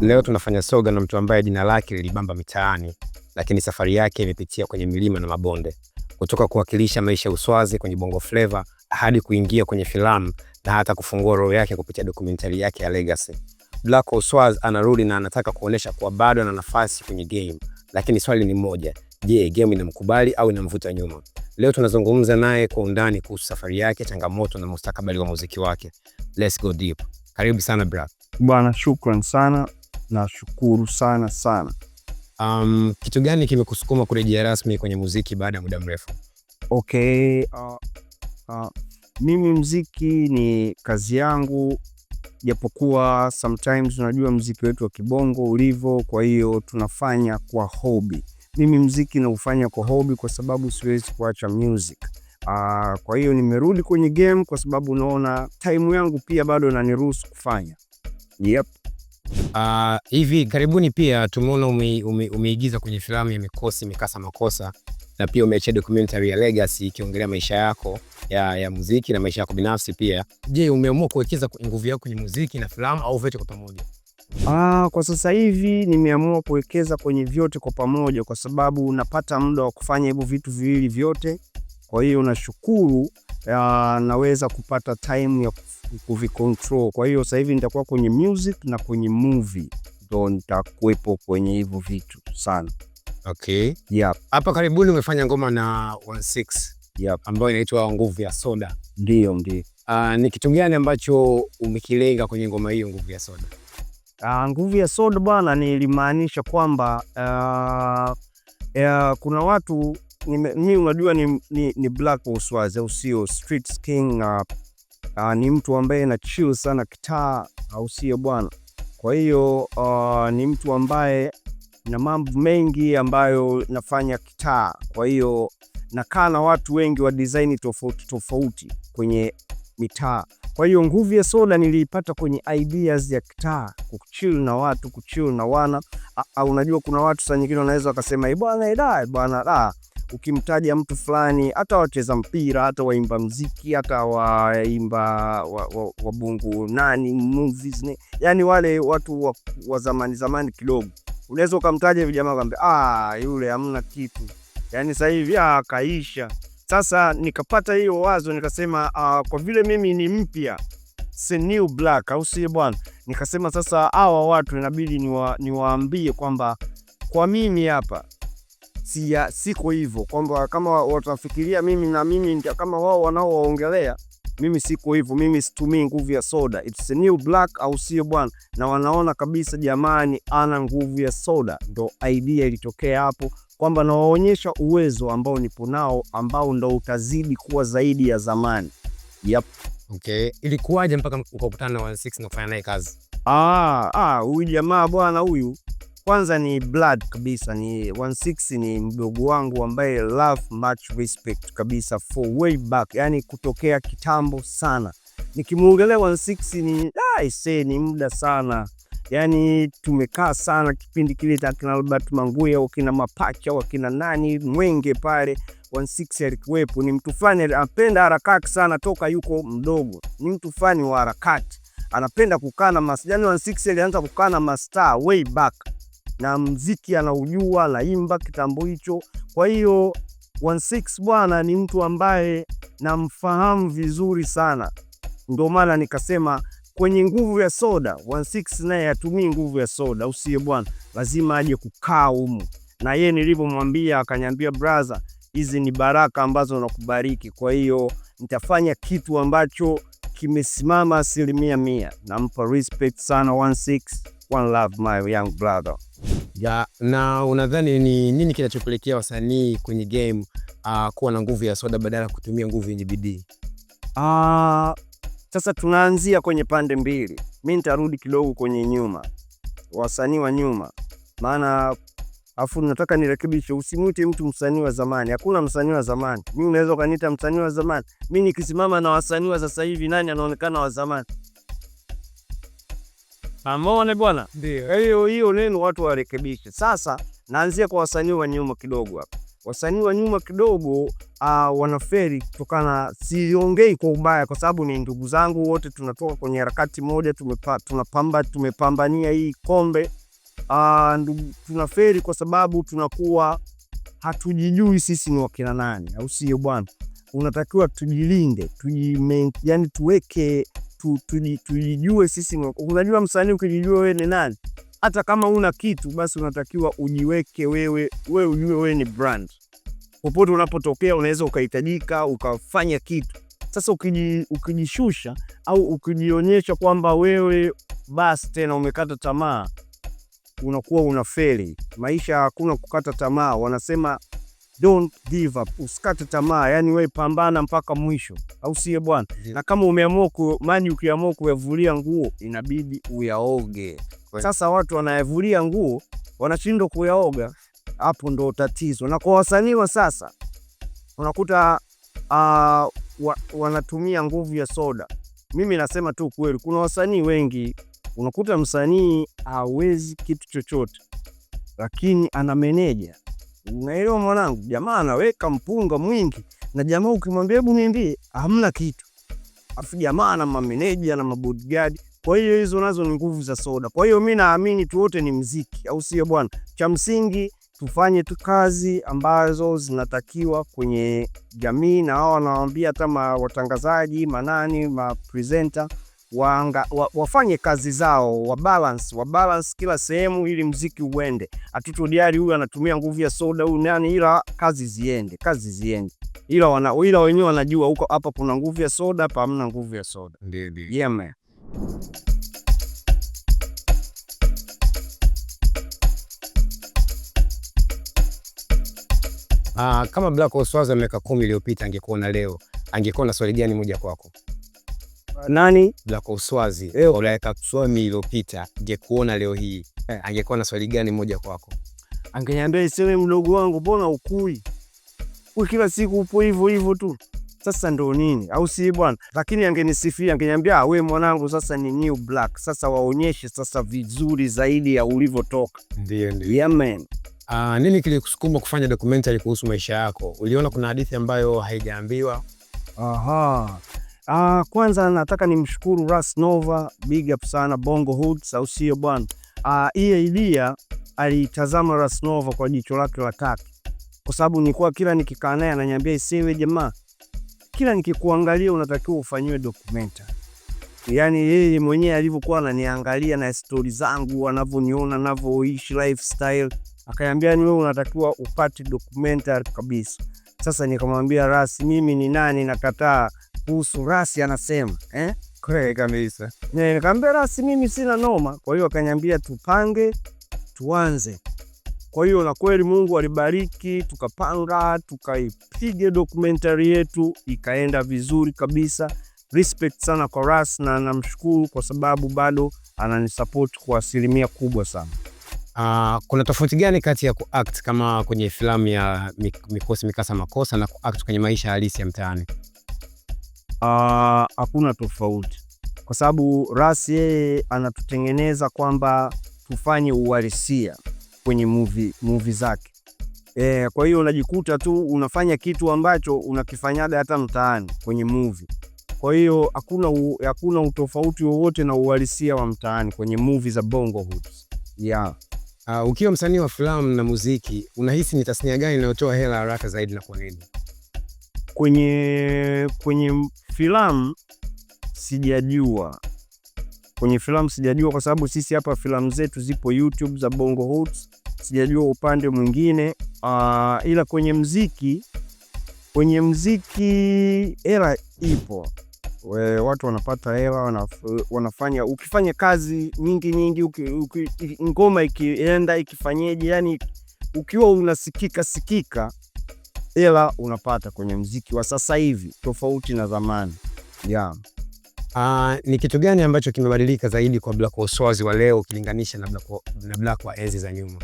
Leo tunafanya soga na mtu ambaye jina lake lilibamba mitaani, lakini safari yake imepitia kwenye milima na mabonde, kutoka kuwakilisha maisha ya uswazi kwenye Bongo Flava hadi kuingia kwenye filamu na hata kufungua roho yake kupitia dokumentari yake ya Legacy. Black Uswaz anarudi na anataka kuonyesha kuwa bado ana nafasi kwenye game, lakini swali ni moja: je, game inamkubali au inamvuta nyuma? Leo tunazungumza naye kwa undani kuhusu safari yake, changamoto na mustakabali wa muziki wake. Let's go deep. Karibu sana bra. Bwana, shukran sana nashukuru sana sana. Um, kitu gani kimekusukuma kurejea rasmi kwenye muziki baada ya muda mrefu? Okay, uh, uh, mimi mziki ni kazi yangu, japokuwa sometimes unajua mziki wetu wa kibongo ulivyo, kwa hiyo tunafanya kwa hobi. Mimi mziki naufanya kwa hobi kwa sababu siwezi kuacha music. Uh, kwa hiyo nimerudi kwenye game kwa sababu unaona time yangu pia bado naniruhusu kufanya. Yep. Uh, hivi karibuni pia tumeona umeigiza ume, ume kwenye filamu ya Mikosi Mikasa Makosa na pia umeachia documentary ya Legacy ikiongelea maisha yako ya, ya muziki na maisha yako binafsi pia. Je, umeamua kuwekeza nguvu yako kwenye muziki na filamu au vyote kwa pamoja? Ah, kwa sasa hivi nimeamua kuwekeza kwenye vyote kwa pamoja, kwa sababu unapata muda wa kufanya hivyo vitu viwili vyote. Kwa hiyo nashukuru uh, naweza kupata time ya kuvicontrol. Kwa hiyo sasa hivi nitakuwa kwenye music na kwenye movie ndo nitakuwepo kwenye hivyo vitu sana. Okay. Yep. Hapa karibuni umefanya ngoma na 16 yep, ambayo inaitwa Nguvu ya Soda. Ndio, ndio. Uh, ah, ni kitu gani ambacho umekilenga kwenye ngoma hiyo Nguvu ya Soda? Uh, Nguvu ya Soda bwana, nilimaanisha kwamba uh, uh, kuna watu mimi unajua ni, ni, ni Black Boss au sio? Street King uh, uh, ni mtu ambaye na chill sana kitaa, au sio bwana? Kwa hiyo uh, ni mtu ambaye na mambo mengi ambayo nafanya kitaa, kwa hiyo nakaa na watu wengi wa design tofauti tofauti kwenye mitaa. Kwa hiyo nguvu ya soda niliipata kwenye ideas ya kitaa, kuchill na watu, kuchill na wana. Unajua kuna watu saa nyingine wanaweza wakasema eh, bwana, eh, da bwana da ah ukimtaja mtu fulani, hata wacheza mpira, hata waimba mziki, hata waimba wabungu wa, wa nani movies ni yani wale watu wa, wa zamani zamani kidogo, unaweza ukamtaja vijamaa kwambia, ah, yule hamna kitu yani sasa hivi ah, kaisha. Sasa nikapata hiyo wazo nikasema, uh, kwa vile mimi ni mpya si new black, au si bwana? Nikasema sasa hawa watu inabidi niwaambie wa, ni kwamba kwa mimi hapa si, siko hivyo kwamba kama watafikiria mimi na mimi kama wao wanaoongelea mimi siko hivyo, mimi situmii nguvu ya soda, it's a new black, au sio bwana? Na wanaona kabisa jamani, ana nguvu ya soda. Ndo idea ilitokea hapo kwamba nawaonyesha uwezo ambao nipo nao ambao ndo utazidi kuwa zaidi ya zamani. Yep. Okay. Ilikuwaje mpaka ukakutana na 16 na kufanya naye kazi? Ah, ah, huyu jamaa bwana huyu kwanza ni blood kabisa, ni 16 ni mdogo wangu ambaye love much respect kabisa for way back, yani kutokea kitambo sana. Nikimuongelea 16 ni ah, I say ni muda sana yani tumekaa sana kipindi kile cha kina Albert Manguya au kina Mapacha au kina nani Mwenge pale 16 alikuwepo. Ni mtu fani, anapenda harakati sana toka yuko mdogo, ni mtu fani wa harakati, anapenda kukaa na mastaa. Yani 16 alianza kukaa na mastaa way back na mziki anaujua, anaimba kitambo hicho. Kwa hiyo 16 bwana ni mtu ambaye namfahamu vizuri sana, ndio maana nikasema kwenye nguvu ya soda 16 naye atumii nguvu ya soda, usiye bwana? Lazima aje kukaa humu na yeye. Nilivyomwambia akanyambia brother, hizi ni baraka ambazo nakubariki, kwa hiyo nitafanya kitu ambacho kimesimama asilimia mia. Nampa respect sana 16. One love my young brother. Ya, na unadhani ni nini kinachopelekea wasanii kwenye game uh, kuwa na nguvu ya soda badala ya kutumia nguvu yenye bidii? Uh, sasa tunaanzia kwenye pande mbili. Mi nitarudi kidogo kwenye nyuma, wasanii wa nyuma, maana afu nataka nirekebishe, usimwite mtu msanii wa zamani. Hakuna msanii wa zamani. Mi unaweza ukaniita msanii wa zamani, mi nikisimama na wasanii wa sasa hivi, nani anaonekana wa zamani? Amone bwana, ndio Kwa hiyo hiyo neno watu warekebishe. Sasa naanzia kwa wasanii wa nyuma kidogo hapa. Wasanii wa nyuma kidogo uh, ah, wanaferi kutokana, siongei kwa ubaya, kwa sababu ni ndugu zangu wote, tunatoka kwenye harakati moja, tumepa, tunapamba tumepambania hii kombe uh, ndugu, tunaferi kwa sababu tunakuwa hatujijui sisi ni wakina nani, au sio bwana? Unatakiwa tujilinde, tuji, yani tuweke tujijue sisi. Unajua msanii ukijijua wewe ni nani, hata kama una kitu basi unatakiwa ujiweke wewe, wewe ujue wewe ni brand. Popote unapotokea unaweza ukahitajika ukafanya kitu. Sasa ukijishusha au ukijionyesha kwamba wewe basi tena umekata tamaa, unakuwa unafeli maisha. Hakuna kukata tamaa, wanasema Don't give up, usikate tamaa, yani wewe pambana mpaka mwisho, au siye bwana? Na kama umeamua ku maji, ukiamua kuyavulia nguo inabidi uyaoge. Sasa watu wanayavulia nguo wanashindwa kuyaoga, hapo ndo tatizo. Na kwa wasanii wa sasa unakuta uh, wa, wanatumia nguvu ya soda. Mimi nasema tu kweli, kuna wasanii wengi unakuta msanii hawezi kitu chochote, lakini ana meneja Unaelewa mwanangu, jamaa anaweka mpunga mwingi, na jamaa ukimwambia hebu niambie, hamna kitu. Afu jamaa ana mameneja na mabodyguard, kwa hiyo hizo nazo ni nguvu za soda. Kwa hiyo mimi naamini tu wote ni mziki, au sio bwana? Cha msingi tufanye tu kazi ambazo zinatakiwa kwenye jamii, na hao wanawaambia hata watangazaji manani mapresenter waanga, wa, wafanye kazi zao wa balance, wa balance kila sehemu ili mziki uende. Atito Diari huyu anatumia nguvu ya soda huyu nani, ila kazi ziende, kazi ziende, ila wana ila wenyewe wanajua huko hapa kuna nguvu ya soda, hapa hamna nguvu ya soda. Ndio, ndio, yeah man. Aa, ah, kama Black Oswazo miaka kumi iliyopita angekuona leo, angekuwa na swali gani moja kwako? nani la kwa uswazi Ulaya Kuswami iliyopita, ungekuona leo hii eh, angekuwa na swali gani moja kwako? Angeniambia iseme, mdogo wangu, mbona ukui kila siku upo hivyo hivyo tu, sasa ndo nini, au si bwana? Lakini angenisifia, angeniambia ah, we mwanangu, sasa ni new black, sasa waonyeshe sasa vizuri zaidi ya ulivyotoka. Ndio, ndio. Yeah, man. Uh, nini kilikusukuma kufanya documentary kuhusu maisha yako? Uliona kuna hadithi ambayo haijaambiwa? Aha. Ah, kwanza nataka nimshukuru Ras Nova, big up sana Bongo Hood, au sio bwana? Ah, hii Ilia alitazama Ras Nova kwa jicho lake la kaka. Kwa sababu nilikuwa kila nikikaa naye ananiambia isiwe jamaa. Kila nikikuangalia unatakiwa ufanyiwe documentary. Yaani yeye mwenyewe alivyokuwa ananiangalia na stori zangu, anavyoniona ninavyoishi lifestyle, akaniambia ni yaani wewe unatakiwa upate documentary kabisa. Sasa nikamwambia Ras, mimi ni nani nakataa kuhusu rasi anasema eh? Kweli kabisa. Nikamwambia rasi, mimi sina noma. Kwa hiyo akaniambia tupange, tuanze. Kwa hiyo na kweli Mungu alibariki, tukapanga, tukaipiga dokumentari yetu ikaenda vizuri kabisa. Respect sana kwa Ras na namshukuru kwa sababu bado ananisupport kwa asilimia kubwa sana. Uh, kuna tofauti gani kati ya kuact kama kwenye filamu ya Mikosi Mikasa Makosa na kuact kwenye maisha halisi ya mtaani? Ah, hakuna tofauti, kwa sababu Ras yeye anatutengeneza kwamba tufanye uhalisia kwenye movie, movie zake e, kwa hiyo unajikuta tu unafanya kitu ambacho unakifanyaga hata mtaani kwenye movie. Kwa hiyo hakuna hakuna utofauti wowote na uhalisia wa mtaani kwenye movie za Bongo Hoods. Yeah. Uh, ukiwa msanii wa filamu na muziki unahisi ni tasnia gani inayotoa hela haraka zaidi na kwa nini? Kwenye kwenye filamu sijajua, kwenye filamu sijajua, kwa sababu sisi hapa filamu zetu zipo YouTube za Bongo Hoots, sijajua upande mwingine uh, ila kwenye mziki, kwenye mziki hela ipo We, watu wanapata hela wanaf wanafanya, ukifanya kazi nyingi nyingi, ngoma ikienda ikifanyeje, yani ukiwa unasikika sikika hela unapata kwenye mziki wa sasa hivi tofauti na zamani yeah. Uh, ni kitu gani ambacho kimebadilika zaidi kwa Black Oswazi wa leo ukilinganisha na Black, na Black wa enzi za nyuma?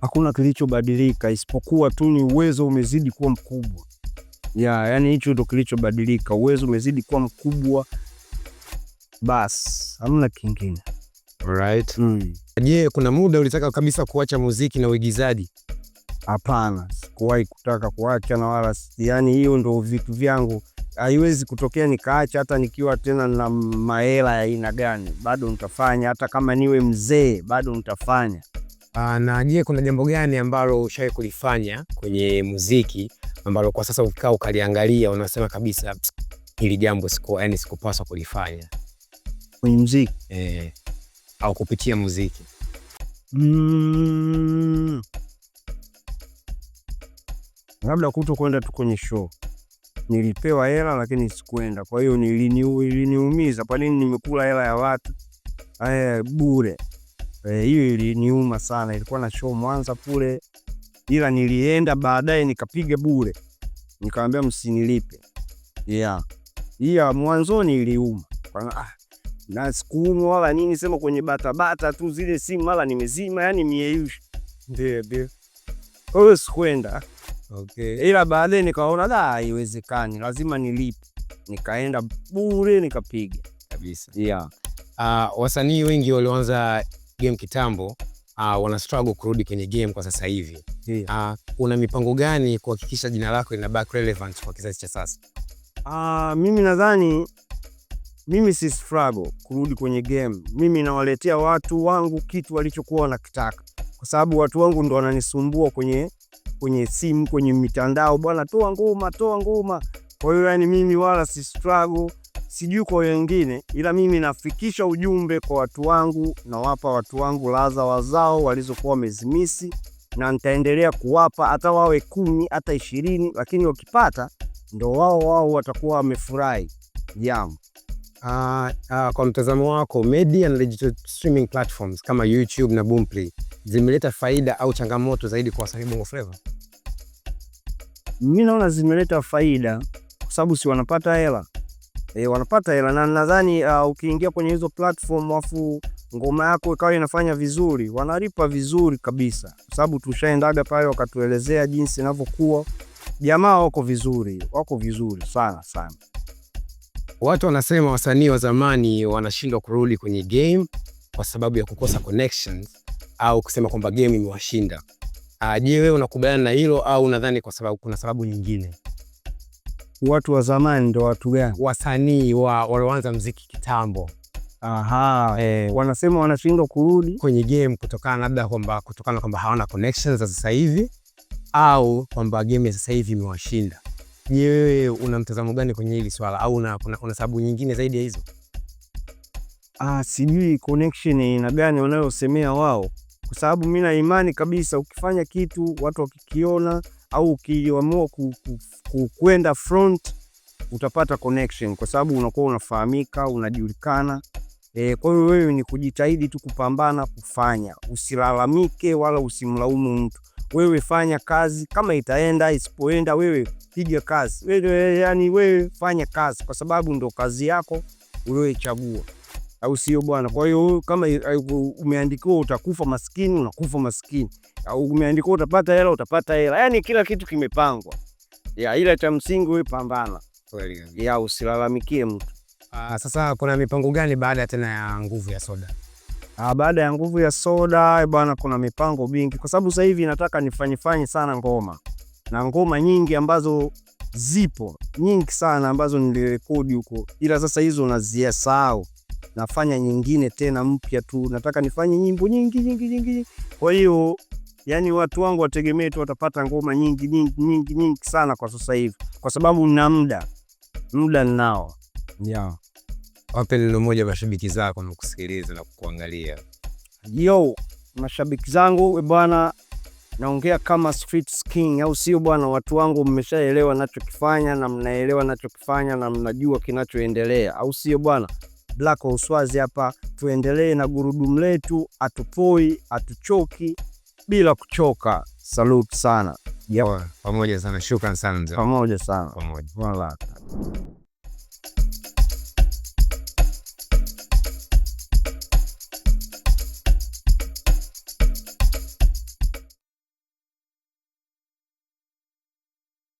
Hakuna kilichobadilika isipokuwa tu ni uwezo umezidi kuwa mkubwa yeah, yani hicho ndo kilichobadilika, uwezo umezidi kuwa mkubwa basi, hamna kingine right. Mm. Je, kuna muda ulitaka kabisa kuacha muziki na uigizaji? Hapana sikuwahi kutaka kuacha na wala yani, hiyo ndo vitu vyangu, haiwezi kutokea nikaacha, hata nikiwa tena na mahela ya aina gani, bado nitafanya. Hata kama niwe mzee bado nitafanya. Ah, na je, kuna jambo gani ambalo ushawahi kulifanya kwenye muziki ambalo kwa sasa ukikaa ukaliangalia unasema kabisa hili jambo siku, yani sikupaswa kulifanya kwenye muziki eh, au kupitia muziki mm labda kuto kwenda tu kwenye show. Nilipewa hela lakini sikwenda, kwa hiyo iliniumiza. Kwa nini nimekula hela ya watu aya bure? E, hiyo e, iliniuma sana. Ilikuwa na show Mwanza kule, ila nilienda baadaye nikapiga bure, nikamwambia msinilipe. Yeah, iya mwanzoni iliuma ah, na sikuumu wala nini, sema kwenye batabata tu zile simu mara nimezima, yani mieyusha, ndio ndio, kwa hiyo sikwenda. Okay. Ila baadaye nikaona da, haiwezekani, lazima nilipe, nikaenda bure nikapiga kabisa. Yeah. Uh, wasanii wengi walioanza game kitambo Uh, wana struggle kurudi kwenye game kwa sasa hivi yeah. Uh, una mipango gani kuhakikisha jina lako linabaki relevant kwa kizazi cha sasa? Uh, mimi nadhani mimi si struggle kurudi kwenye game. Mimi nawaletea watu wangu kitu walichokuwa wanakitaka, kwa sababu watu wangu ndo wananisumbua kwenye kwenye simu, kwenye mitandao, bwana, toa ngoma, toa ngoma. Kwa hiyo yani mimi wala si struggle, sijui kwa wengine, ila mimi nafikisha ujumbe kwa watu wangu, nawapa watu wangu laza wazao walizokuwa wamezimisi, na nitaendelea kuwapa hata wawe kumi hata ishirini, lakini wakipata ndo wao wao watakuwa wamefurahi jambo. Uh, uh, kwa mtazamo wako media na digital streaming platforms kama YouTube na Boomplay zimeleta faida au changamoto zaidi kwa wasanii Bongo Flava? Mimi naona zimeleta faida kwa sababu si wanapata hela e, wanapata hela na nadhani uh, ukiingia kwenye hizo platform afu ngoma yako ikawa inafanya vizuri, wanalipa vizuri kabisa, kwa sababu tushaendaga pale wakatuelezea jinsi inavyokuwa. Jamaa wako vizuri, wako vizuri sana sana. Watu wanasema wasanii wa zamani wanashindwa kurudi kwenye game kwa sababu ya kukosa connections au kusema kwamba game imewashinda. Ah, je, wewe unakubaliana na hilo au unadhani kwa sababu kuna sababu nyingine? Watu wa zamani ndo watu gani? Wasanii wa walioanza mziki kitambo. Aha, eh. eh, wanasema wanashindwa kurudi kwenye game kutokana labda kwamba kutokana kwamba hawana connections za sasa hivi au kwamba game ya sasa hivi imewashinda. Je, wewe una mtazamo gani kwenye hili swala au una, una, una sababu nyingine zaidi ya hizo? Ah, sijui connection ina gani wanayosemea wao kwa sababu mimi na imani kabisa, ukifanya kitu watu wakikiona au ukiamua kwenda front utapata connection, kwa sababu unakuwa unafahamika, unajulikana. E, kwa hiyo wewe ni kujitahidi tu kupambana kufanya, usilalamike wala usimlaumu mtu. Wewe fanya kazi, kama itaenda isipoenda, wewe piga kazi wewe, yani wewe fanya kazi, kwa sababu ndo kazi yako ulioichagua au sio bwana? Kwa hiyo kama umeandikiwa utakufa maskini, unakufa maskini, au umeandikiwa utapata hela, utapata hela, yani kila kitu kimepangwa ya, ila cha msingi wewe pambana kweli ya, usilalamikie mtu. Aa, ah, sasa kuna mipango gani baada tena ya nguvu ya soda? Aa, ah, baada ya nguvu ya soda eh, bwana, kuna mipango mingi, kwa sababu sasa hivi nataka nifanyifanye sana ngoma na ngoma nyingi ambazo zipo nyingi sana ambazo nilirekodi huko, ila sasa hizo unaziasahau nafanya nyingine tena mpya tu, nataka nifanye nyimbo nyingi nyingi nyingi. Kwa hiyo yani watu wangu wategemee tu watapata ngoma nyingi nyingi nyingi nyingi sana kwa sasa hivi, kwa sababu na muda muda ninao. Yeah. Wape neno moja mashabiki zako na kusikiliza na kukuangalia. Yo, mashabiki zangu bwana, naongea kama Street King au sio bwana? Watu wangu mmeshaelewa nachokifanya na mnaelewa nachokifanya na mnajua kinachoendelea au sio bwana? Black Uswazi hapa, tuendelee na gurudumu letu, atupoi atuchoki bila kuchoka. Salute sana. Pamoja sana, shukran sana. Pamoja sana. Pamoja. Wala.